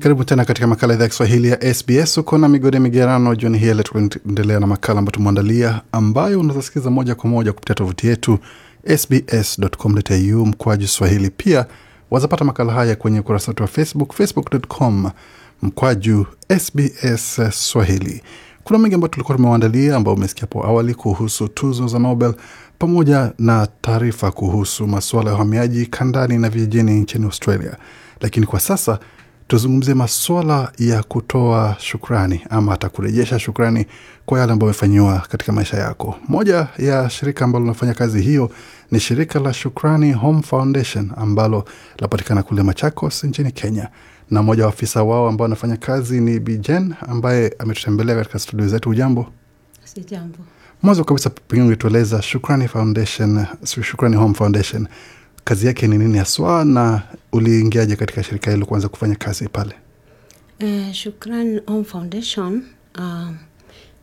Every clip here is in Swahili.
Karibu tena katika makala idhaa ya Kiswahili ya SBS. Uko na migode migerano jioni hii, tunaendelea na makala ambayo tumeandalia, ambayo unazasikiza moja kwa moja kupitia tovuti yetu sbs.com.au mkwaju swahili. Pia wazapata makala haya kwenye ukurasa wetu wa Facebook, facebook.com mkwaju SBS Swahili. Kuna mengi ambayo tulikuwa tumewaandalia, ambao umesikia hapo awali kuhusu tuzo za Nobel pamoja na taarifa kuhusu masuala ya uhamiaji kandani na vijijini nchini Australia, lakini kwa sasa tuzungumzie masuala ya kutoa shukrani ama atakurejesha shukrani kwa yale ambayo amefanyiwa katika maisha yako. Moja ya shirika ambalo linafanya kazi hiyo ni shirika la Shukrani Home Foundation ambalo linapatikana kule Machakos nchini Kenya, na mmoja wa afisa wao ambao anafanya kazi ni bjen ambaye ametutembelea katika studio zetu. Ujambo? Mwanzo kabisa, pengine ungetueleza Shukrani Foundation, Shukrani Home Foundation kazi yake ni nini haswa, na uliingiaje katika shirika hilo kuanza kufanya kazi pale? Eh, Shukran Home Foundation uh,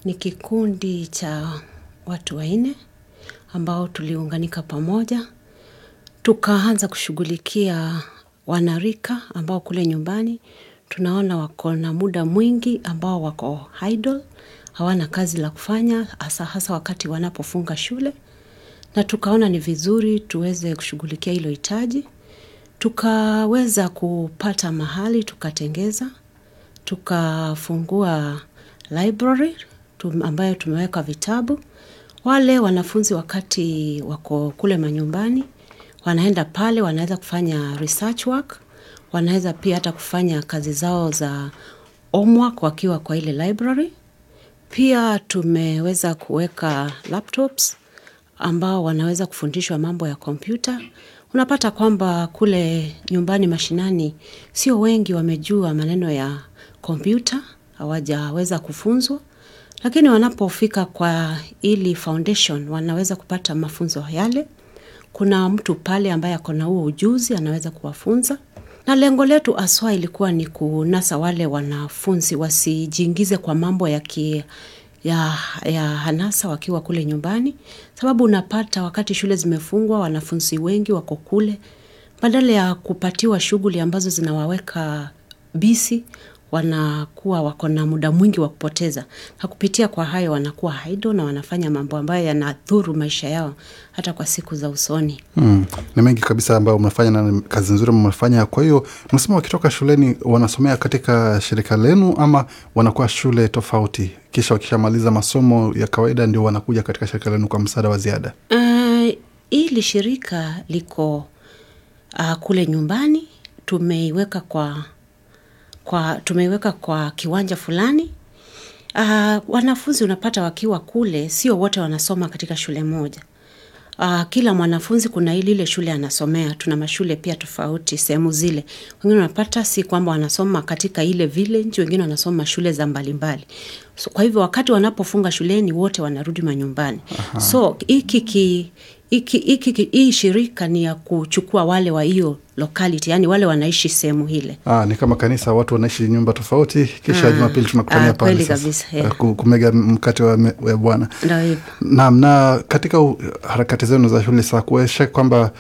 ni kikundi cha watu wanne ambao tuliunganika pamoja tukaanza kushughulikia wanarika ambao kule nyumbani tunaona wako na muda mwingi ambao wako idle, hawana kazi la kufanya, hasa hasa wakati wanapofunga shule na tukaona ni vizuri tuweze kushughulikia hilo hitaji. Tukaweza kupata mahali tukatengeza, tukafungua library tum, ambayo tumeweka vitabu. Wale wanafunzi wakati wako kule manyumbani wanaenda pale, wanaweza kufanya research work, wanaweza pia hata kufanya kazi zao za homework wakiwa kwa ile library. Pia tumeweza kuweka laptops ambao wanaweza kufundishwa mambo ya kompyuta. Unapata kwamba kule nyumbani mashinani sio wengi wamejua maneno ya kompyuta, hawajaweza kufunzwa, lakini wanapofika kwa ili foundation wanaweza kupata mafunzo yale. Kuna mtu pale ambaye ako na huo ujuzi anaweza kuwafunza, na lengo letu aswa ilikuwa ni kunasa wale wanafunzi wasijiingize kwa mambo ya ya, ya hanasa wakiwa kule nyumbani, sababu unapata wakati shule zimefungwa, wanafunzi wengi wako kule, badala ya kupatiwa shughuli ambazo zinawaweka bisi, wanakuwa wako na muda mwingi wa kupoteza, na kupitia kwa hayo wanakuwa haido na wanafanya mambo ambayo yanadhuru maisha yao hata kwa siku za usoni. hmm. Ni mengi kabisa ambayo mnafanya na kazi nzuri mnafanya. Kwa hiyo mnasema wakitoka shuleni wanasomea katika shirika lenu ama wanakuwa shule tofauti, kisha wakishamaliza masomo ya kawaida ndio wanakuja katika shirika lenu kwa msaada wa ziada? Ah, hili uh, shirika liko uh, kule nyumbani tumeiweka kwa kwa, tumeiweka kwa kiwanja fulani. Uh, wanafunzi unapata wakiwa kule, sio wote wanasoma katika shule moja. Uh, kila mwanafunzi kuna ile shule anasomea. Tuna mashule pia tofauti sehemu zile, wengine wanapata si kwamba wanasoma katika ile village, wengine wanasoma shule za mbalimbali. So, kwa hivyo wakati wanapofunga shuleni wote wanarudi manyumbani. Aha. So hiki iki, iki, hii shirika ni ya kuchukua wale wa hiyo lokality, yani wale wanaishi sehemu ile. Ah, ni kama kanisa, watu wanaishi nyumba tofauti, kisha ah, Jumapili tunakutania ah, pale kabisa eh, kumega mkate wa Bwana. Naam, na katika harakati zenu za shule saa kuesha kwamba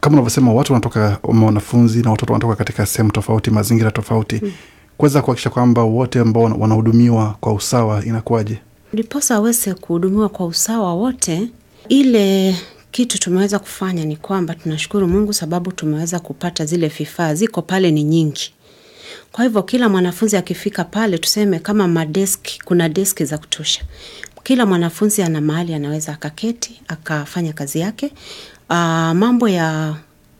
kama unavyosema watu wanatoka wanafunzi na watoto wanatoka katika sehemu tofauti, mazingira tofauti mm. kuweza kuhakikisha kwamba wote ambao wanahudumiwa kwa usawa inakuwaje, ndiposa waweze kuhudumiwa kwa usawa wote ile kitu tumeweza kufanya ni kwamba tunashukuru Mungu sababu tumeweza kupata zile vifaa, ziko pale ni nyingi. Kwa hivyo kila mwanafunzi akifika pale, tuseme kama madeski, kuna deski za kutosha. Kila mwanafunzi ana mahali anaweza akaketi akafanya kazi yake. uh, mambo ya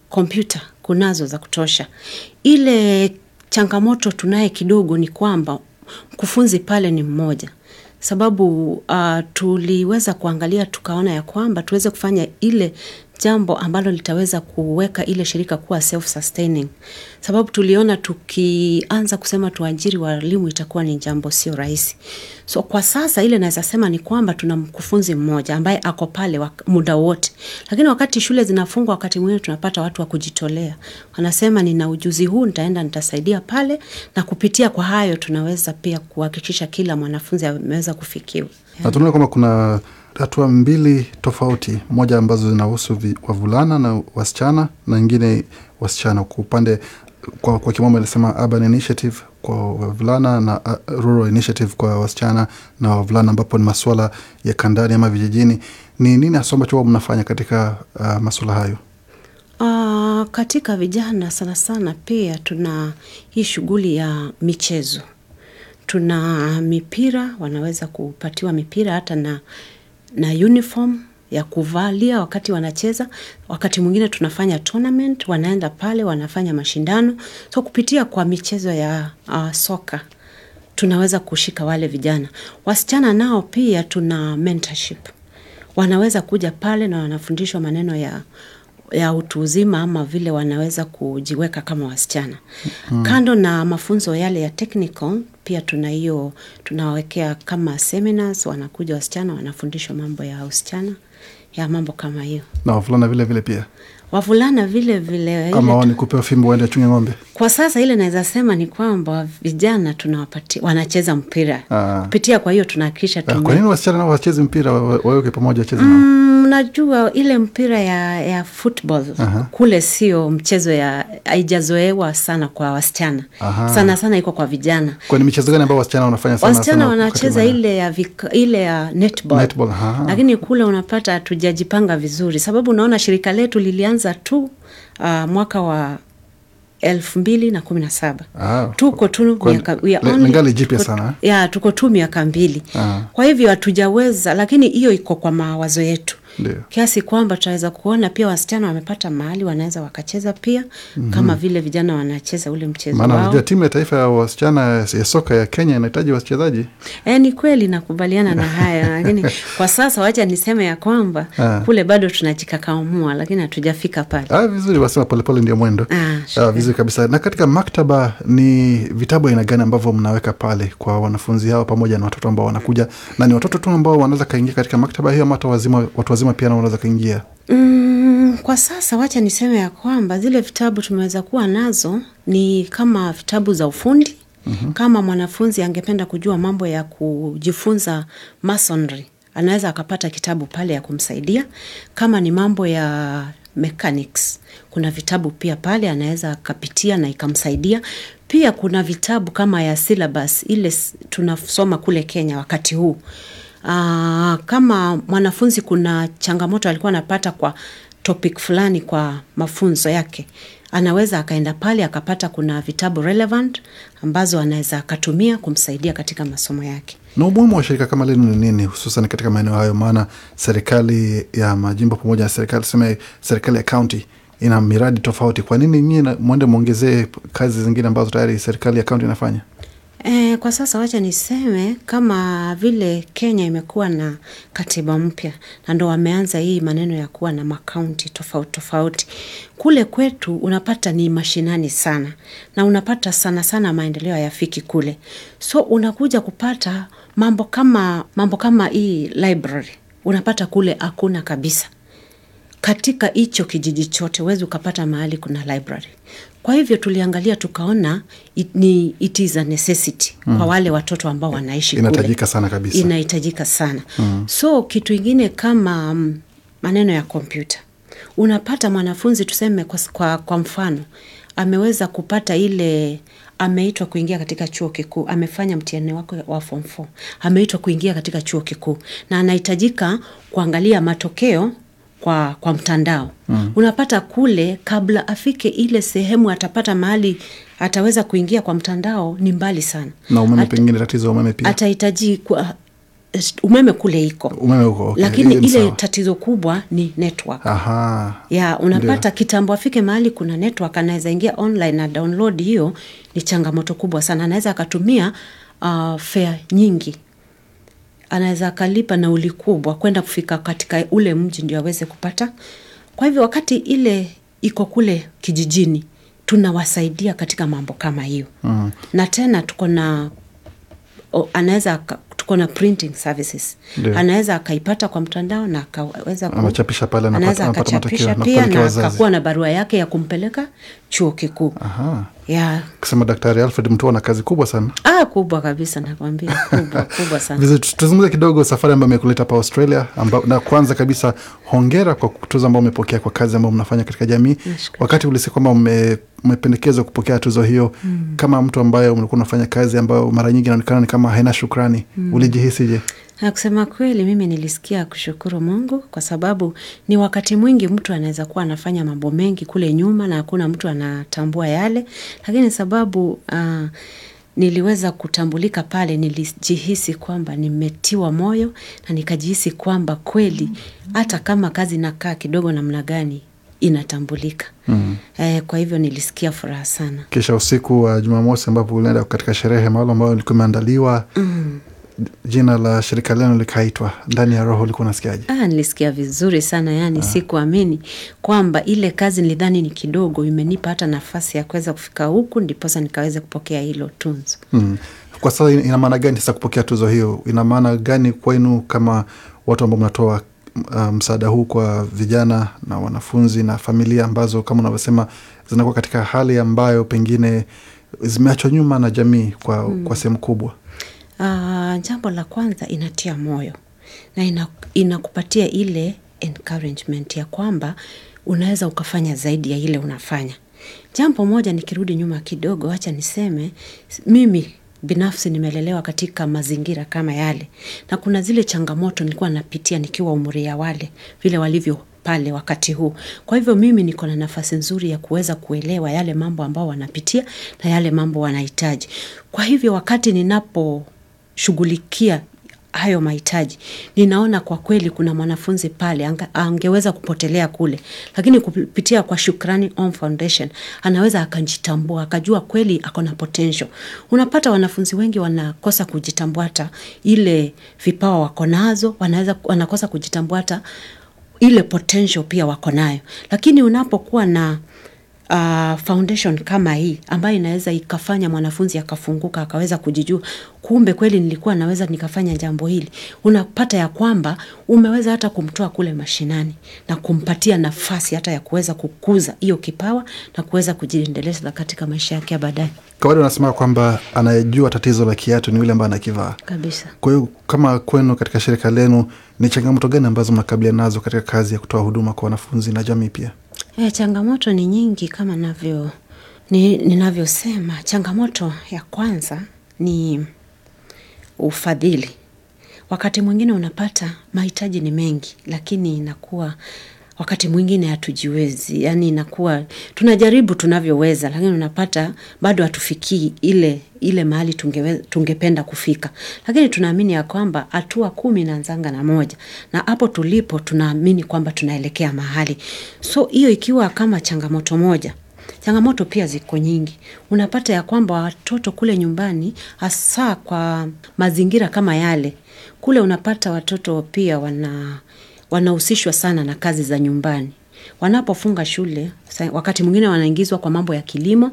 kompyuta kunazo za kutosha. Ile changamoto tunaye kidogo ni kwamba mkufunzi pale ni mmoja sababu uh, tuliweza kuangalia tukaona ya kwamba tuweze kufanya ile jambo ambalo litaweza kuweka ile shirika kuwa self-sustaining, sababu tuliona tukianza kusema tuajiri walimu itakuwa ni jambo sio rahisi. So kwa sasa ile naweza sema ni kwamba tuna mkufunzi mmoja ambaye ako pale muda wote, lakini wakati shule zinafungwa, wakati mwingine tunapata watu wa kujitolea, wanasema nina ujuzi huu, nitaenda nitasaidia pale, na kupitia kwa hayo tunaweza pia kuhakikisha kila mwanafunzi ameweza kufikiwa, na tunaona kwamba kuna hatua mbili tofauti, moja ambazo zinahusu wavulana na wasichana na ingine wasichana kwa upande kwa, kwa kimombo inasema urban initiative kwa wavulana na uh, rural initiative kwa wasichana na wavulana, ambapo ni masuala ya kandani ama vijijini. Ni nini hasa ambacho mnafanya katika uh, masuala hayo? Uh, katika vijana sana sana pia tuna hii shughuli ya michezo, tuna mipira, wanaweza kupatiwa mipira hata na na uniform ya kuvalia wakati wanacheza. Wakati mwingine tunafanya tournament, wanaenda pale wanafanya mashindano. So kupitia kwa michezo ya uh, soka tunaweza kushika wale vijana. Wasichana nao pia tuna mentorship, wanaweza kuja pale na wanafundishwa maneno ya ya utu uzima ama vile wanaweza kujiweka kama wasichana. hmm. Kando na mafunzo yale ya technical, pia tuna hiyo tunawawekea kama seminars, wanakuja wasichana wanafundishwa mambo ya usichana ya mambo kama hiyo, na wavulana vile vile pia wavulana vile vile, ama wao ni kupewa fimbo waende achunge ng'ombe kwa sasa ile naweza sema ni kwamba vijana tunawapati wanacheza mpira ah. kupitia, kwa hiyo tunahakikisha. Eh, kwa nini wasichana nao wacheze mpira, waweke pamoja wacheze nao? Mnajua mm, ile mpira ya, ya football Aha. kule sio mchezo ya haijazoewa sana kwa wasichana sana sana iko kwa vijana. Kwa ni michezo gani ambayo wasichana wanafanya sana? Wasichana wanacheza ile ya vika, ile ya netball, netball lakini kule unapata hatujajipanga vizuri, sababu unaona shirika letu lilianza tu uh, mwaka wa elfu mbili na kumi na saba. Ah, tuko tu miaka jipya sana eh? ya tuko tu miaka mbili. Ah. kwa hivyo hatujaweza, lakini hiyo iko kwa mawazo yetu kiasi kwamba tunaweza kuona pia wasichana wamepata mahali wanaweza wakacheza pia mm -hmm. kama mhm. vile vijana wanacheza ule mchezo maana timu ya taifa ya wasichana ya soka ya Kenya inahitaji wachezaji e, ni kweli nakubaliana na haya lakini kwa sasa wacha niseme ya kwamba ha. Ah. kule bado tunajikakamua lakini hatujafika pale ah, vizuri wasema polepole ndio mwendo ha, ah, ah, ha, vizuri kabisa na katika maktaba ni vitabu aina gani ambavyo mnaweka pale kwa wanafunzi hao pamoja na watoto ambao wanakuja na ni watoto tu ambao wanaweza kaingia katika maktaba hiyo ama hata wazima watu wazima wazima pia nao unaweza kuingia? Mm, kwa sasa wacha niseme ya kwamba zile vitabu tumeweza kuwa nazo ni kama vitabu za ufundi. mm -hmm. Kama mwanafunzi angependa kujua mambo ya kujifunza masonry, anaweza akapata kitabu pale ya kumsaidia. Kama ni mambo ya mechanics, kuna vitabu pia pale anaweza akapitia na ikamsaidia. Pia kuna vitabu kama ya syllabus ile tunasoma kule Kenya wakati huu aa, ah, kama mwanafunzi kuna changamoto alikuwa anapata kwa topic fulani kwa mafunzo yake, anaweza akaenda pale akapata kuna vitabu relevant ambazo anaweza akatumia kumsaidia katika masomo yake. Na umuhimu wa shirika kama lenu ni nini, hususan katika maeneo hayo? Maana serikali ya majimbo pamoja na serikali tuseme, serikali ya kaunti ina miradi tofauti. Kwa nini nyie mwende mwongezee kazi zingine ambazo tayari serikali ya kaunti inafanya? E, kwa sasa wacha niseme kama vile Kenya imekuwa na katiba mpya na ndo wameanza hii maneno ya kuwa na makaunti tofauti tofauti. Kule kwetu unapata ni mashinani sana na unapata sana sana maendeleo hayafiki kule, so unakuja kupata mambo kama mambo kama hii library unapata kule hakuna kabisa katika hicho kijiji chote, huwezi ukapata mahali kuna library. Kwa hivyo tuliangalia tukaona it, ni, it is a necessity mm. kwa wale watoto ambao wanaishi inahitajika sana kabisa, inahitajika sana mm. so kitu ingine kama um, maneno ya kompyuta unapata mwanafunzi tuseme kwa, kwa, kwa mfano ameweza kupata ile ameitwa kuingia katika chuo kikuu, amefanya mtihani wake wa form 4, ameitwa kuingia katika chuo kikuu na anahitajika kuangalia matokeo kwa, kwa mtandao mm. Unapata kule kabla afike ile sehemu atapata mahali ataweza kuingia kwa mtandao ni mbali sana, na umeme At, pengine tatizo umeme pia atahitaji kwa, umeme kule iko umeme uko, okay. Lakini ile sawa. Tatizo kubwa ni network. Aha. Ya unapata Ndiyo. Kitambo afike mahali kuna network anaweza ingia online na download, hiyo ni changamoto kubwa sana, anaweza akatumia uh, fea nyingi anaweza akalipa nauli kubwa kwenda kufika katika ule mji ndio aweze kupata. Kwa hivyo wakati ile iko kule kijijini, tunawasaidia katika mambo kama hiyo mm. na tena tuko na anaweza tuko na printing services anaweza akaipata kwa mtandao na akaweza anachapisha pale, anaweza akachapisha pia na akakuwa na barua yake ya kumpeleka chuo kikuu. Yeah. Kusema Daktari Alfred mtu ana kazi kubwa sana. Ah, kubwa kabisa nakwambia, kubwa, kubwa sana. Tuzungumze kidogo safari ambayo mekuleta pa Australia amba, na kwanza kabisa hongera kwa tuzo ambao umepokea kwa kazi ambayo mnafanya katika jamii. Wakati ulisikia kwamba umependekezwa kupokea tuzo hiyo mm. Kama mtu ambaye ulikuwa unafanya kazi ambayo mara nyingi inaonekana ni kama haina shukrani mm. Ulijihisije? Na kusema kweli, mimi nilisikia kushukuru Mungu kwa sababu ni wakati mwingi mtu anaweza kuwa anafanya mambo mengi kule nyuma na hakuna mtu anatambua yale, lakini sababu uh, niliweza kutambulika pale, nilijihisi kwamba nimetiwa moyo na nikajihisi kwamba kweli hata kama kazi inakaa kidogo namna gani inatambulika. Mm. E, kwa hivyo nilisikia furaha sana. Kisha usiku wa uh, Jumamosi ambapo ulienda katika sherehe maalum ambayo ilikuwa imeandaliwa mm jina la shirika lenu likaitwa ndani ya roho, ulikuwa unasikiaje? Ah, nilisikia vizuri sana yani ah. Sikuamini kwamba ile kazi nilidhani ni kidogo, imenipa hata nafasi ya kuweza kufika huku, ndiposa nikaweza kupokea hilo tunzo mm. Kwa sasa ina maana gani sasa kupokea tuzo hiyo? Ina maana gani kwenu kama watu ambao mnatoa ah, msaada um, huu kwa vijana na wanafunzi na familia ambazo kama unavyosema zinakuwa katika hali ambayo pengine zimeachwa nyuma na jamii kwa, mm. kwa sehemu kubwa Uh, jambo la kwanza inatia moyo na inakupatia ina ile encouragement ya kwamba unaweza ukafanya zaidi ya ile unafanya. Jambo moja, nikirudi nyuma kidogo, acha niseme mimi binafsi nimelelewa katika mazingira kama yale, na kuna zile changamoto nilikuwa napitia nikiwa umri ya wale vile walivyo pale wakati huu. Kwa hivyo mimi niko na nafasi nzuri ya kuweza kuelewa yale mambo ambao wanapitia na yale mambo wanahitaji. Kwa hivyo wakati ninapo kushughulikia hayo mahitaji. Ninaona kwa kweli kuna mwanafunzi pale angeweza kupotelea kule, lakini kupitia kwa Shukrani Home Foundation anaweza akajitambua, akajua kweli ako na potential. Unapata wanafunzi wengi wanakosa kujitambua hata ile vipawa wako nazo, wanaweza wanakosa kujitambua hata ile potential pia wako nayo, lakini unapokuwa na uh, foundation kama hii ambayo inaweza ikafanya mwanafunzi akafunguka akaweza kujijua, kumbe kweli nilikuwa naweza nikafanya jambo hili. Unapata ya kwamba umeweza hata kumtoa kule mashinani na kumpatia nafasi hata ya kuweza kukuza hiyo kipawa na kuweza kujiendeleza katika maisha yake ya baadaye. Kawaida unasema kwamba anayejua tatizo la kiatu ni yule ambaye anakivaa kabisa. Kwa hiyo kama kwenu, katika shirika lenu, ni changamoto gani ambazo mnakabiliana nazo katika kazi ya kutoa huduma kwa wanafunzi na jamii pia? E, changamoto ni nyingi kama navyo ni, ninavyosema. Changamoto ya kwanza ni ufadhili. Wakati mwingine unapata mahitaji ni mengi, lakini inakuwa wakati mwingine hatujiwezi, yani inakuwa tunajaribu tunavyoweza, lakini unapata bado hatufikii ile ile mahali tungependa kufika, lakini tunaamini ya kwamba hatua kumi naanzanga na moja, na hapo tulipo tunaamini kwamba tunaelekea mahali. So hiyo ikiwa kama changamoto moja changamoto pia ziko nyingi. Unapata ya kwamba watoto kule nyumbani, hasa kwa mazingira kama yale kule, unapata watoto pia wana wanahusishwa sana na kazi za nyumbani. Wanapofunga shule, wakati mwingine wanaingizwa kwa mambo ya kilimo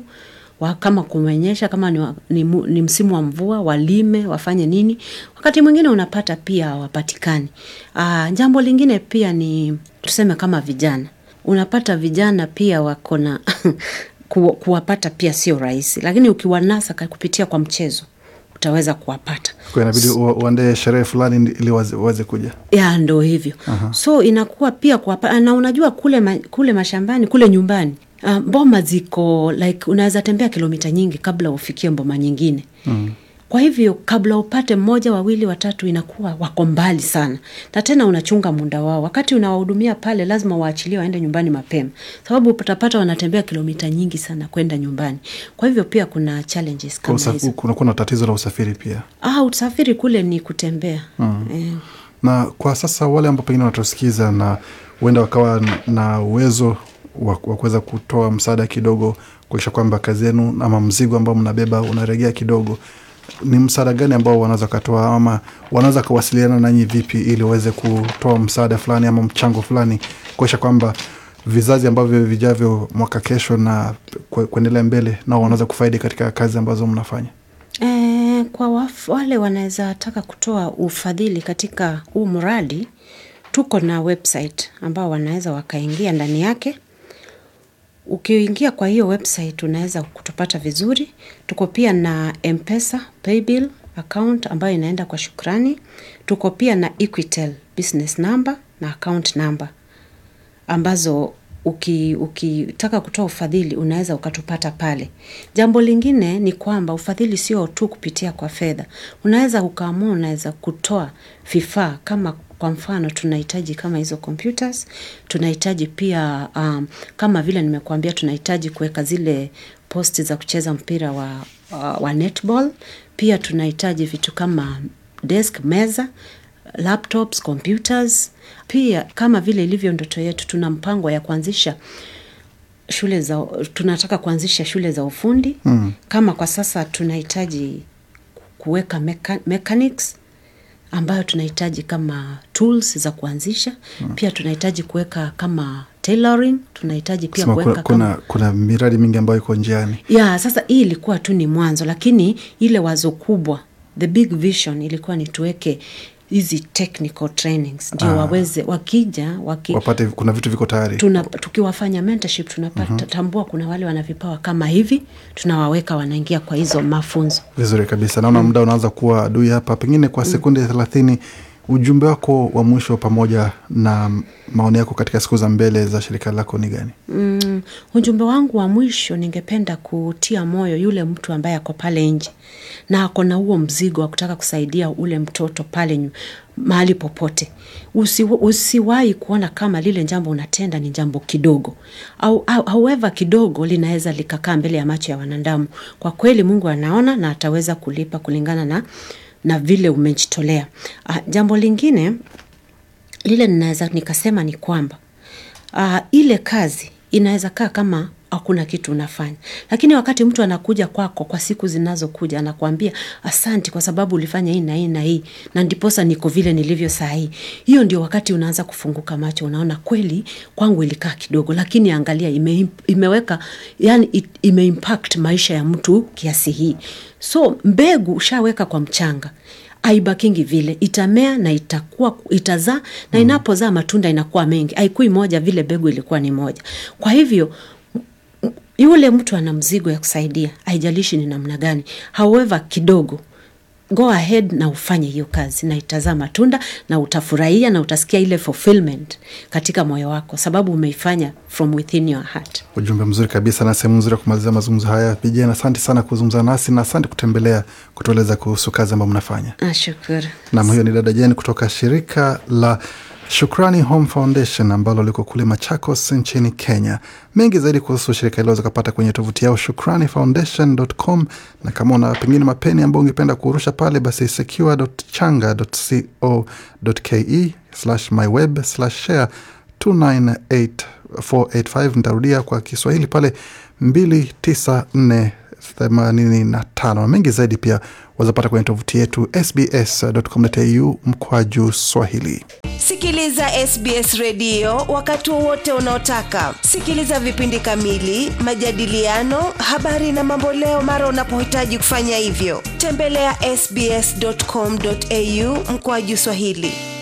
kama kumenyesha, kama ni, ni, ni msimu wa mvua, walime wafanye nini. Wakati mwingine unapata pia awapatikani ah, jambo lingine pia ni tuseme kama vijana, unapata vijana pia wako na kuwapata pia sio rahisi, lakini ukiwanasa kupitia kwa mchezo utaweza kuwapata. Kwa inabidi uandae sherehe fulani ili waweze kuja. Ya, ndo hivyo. Aha. So inakuwa pia kuwapata ah, na unajua kule, ma, kule mashambani kule nyumbani ah, mboma ziko like unaweza tembea kilomita nyingi kabla ufikie mboma nyingine. Mm. Kwa hivyo kabla upate mmoja, wawili, watatu, inakuwa wako mbali sana, na tena unachunga muda wao. Wakati unawahudumia pale, lazima waachilie waende nyumbani mapema, sababu utapata wanatembea kilomita nyingi sana kwenda nyumbani. Kwa hivyo pia kuna challenges kama hizo. Kunakuwa na tatizo la usafiri pia. Ah, usafiri kule ni kutembea mm. eh. Na kwa sasa wale ambao pengine wanatusikiza na huenda wakawa na uwezo wa kuweza kutoa msaada kidogo, kuakisha kwamba kazi yenu ama mzigo ambao mnabeba unaregea kidogo ni msaada gani ambao wanaweza katoa ama wanaweza kuwasiliana nanyi vipi ili waweze kutoa msaada fulani ama mchango fulani kuesha kwamba vizazi ambavyo vijavyo mwaka kesho na kuendelea mbele nao wanaweza kufaidi katika kazi ambazo mnafanya? E, kwa waf, wale wanaweza taka kutoa ufadhili katika huu mradi, tuko na website ambao wanaweza wakaingia ndani yake Ukiingia kwa hiyo website unaweza kutupata vizuri. Tuko pia na Mpesa, Paybill account ambayo inaenda kwa shukrani. Tuko pia na Equitel business number na account number. Ambazo ukitaka kutoa ufadhili unaweza ukatupata pale. Jambo lingine ni kwamba ufadhili sio tu kupitia kwa fedha. Unaweza ukaamua, unaweza kutoa vifaa kama kwa mfano, tunahitaji kama hizo computers, tunahitaji pia um, kama vile nimekuambia tunahitaji kuweka zile posti za kucheza mpira wa, uh, wa netball, pia tunahitaji vitu kama desk, meza, laptops, computers. Pia kama vile ilivyo ndoto yetu, tuna mpango ya kuanzisha shule za, tunataka kuanzisha shule za ufundi mm. Kama kwa sasa tunahitaji kuweka mechanics ambayo tunahitaji kama tools za kuanzisha hmm. Pia tunahitaji kuweka kama tailoring, tunahitaji pia kuweka kuna, kama... kuna miradi mingi ambayo iko njiani ya sasa. Hii ilikuwa tu ni mwanzo, lakini ile wazo kubwa, the big vision ilikuwa ni tuweke hizi technical trainings ndio ah. waweze wakija waki, wapate kuna vitu viko tayari. Tuna, tukiwafanya mentorship tunapata mm -hmm. tambua kuna wale wanavipawa kama hivi, tunawaweka wanaingia kwa hizo mafunzo. Vizuri kabisa, naona mhm. muda unaanza kuwa adui hapa, pengine kwa mm. sekunde thelathini mm -hmm ujumbe wako wa mwisho pamoja na maoni yako katika siku za mbele za shirika lako ni gani? Mm, ujumbe wangu wa mwisho, ningependa kutia moyo yule mtu ambaye ako pale nje na ako na huo mzigo wa kutaka kusaidia ule mtoto pale mahali popote. Usi, usiwahi kuona kama lile jambo unatenda ni jambo kidogo au, au however kidogo linaweza likakaa mbele ya macho ya wanadamu. Kwa kweli Mungu anaona na ataweza kulipa kulingana na na vile umejitolea. Uh, jambo lingine lile ninaweza nikasema ni kwamba uh, ile kazi inaweza kaa kama hakuna kitu unafanya, lakini wakati mtu anakuja kwako kwa siku zinazokuja, anakuambia asanti kwa sababu ulifanya hii na hii na hii, na ndiposa niko vile nilivyo saa hii. Hiyo ndio wakati unaanza kufunguka macho, unaona kweli kwangu ilikaa kidogo, lakini angalia ime, imeweka yani, imeimpact maisha ya mtu kiasi hii. So mbegu ushaweka kwa mchanga aibakingi vile, itamea na itakuwa itazaa, na mm. inapozaa matunda inakuwa mengi, aikui moja vile mbegu ilikuwa ni moja. Kwa hivyo yule mtu ana mzigo ya kusaidia, aijalishi ni namna gani, however kidogo go ahead na ufanye hiyo kazi na itazaa matunda na utafurahia na utasikia ile fulfillment katika moyo wako, sababu umeifanya from within your heart. Ujumbe mzuri kabisa na sehemu nzuri ya kumalizia mazungumzo haya. Vijana, asante sana kuzungumza nasi na asante kutembelea kutueleza kuhusu kazi ambayo mnafanya. Nashukuru. Ah, Nam, huyo ni dada Jeni kutoka shirika la Shukrani Home Foundation ambalo liko kule Machakos nchini Kenya. Mengi zaidi kuhusu shirika hilo zikapata kwenye tovuti yao shukranifoundation.com, na kama una pengine mapeni ambayo ungependa kurusha pale, basi secure.changa.co.ke myweb share 298485. Nitarudia kwa Kiswahili pale 29485 mengi zaidi pia wazapata kwenye tovuti yetu sbs.com.au mkwaju Swahili. Sikiliza SBS redio wakati wowote unaotaka. Sikiliza vipindi kamili, majadiliano, habari na mamboleo mara unapohitaji kufanya hivyo. Tembelea ya sbs.com.au juu Swahili.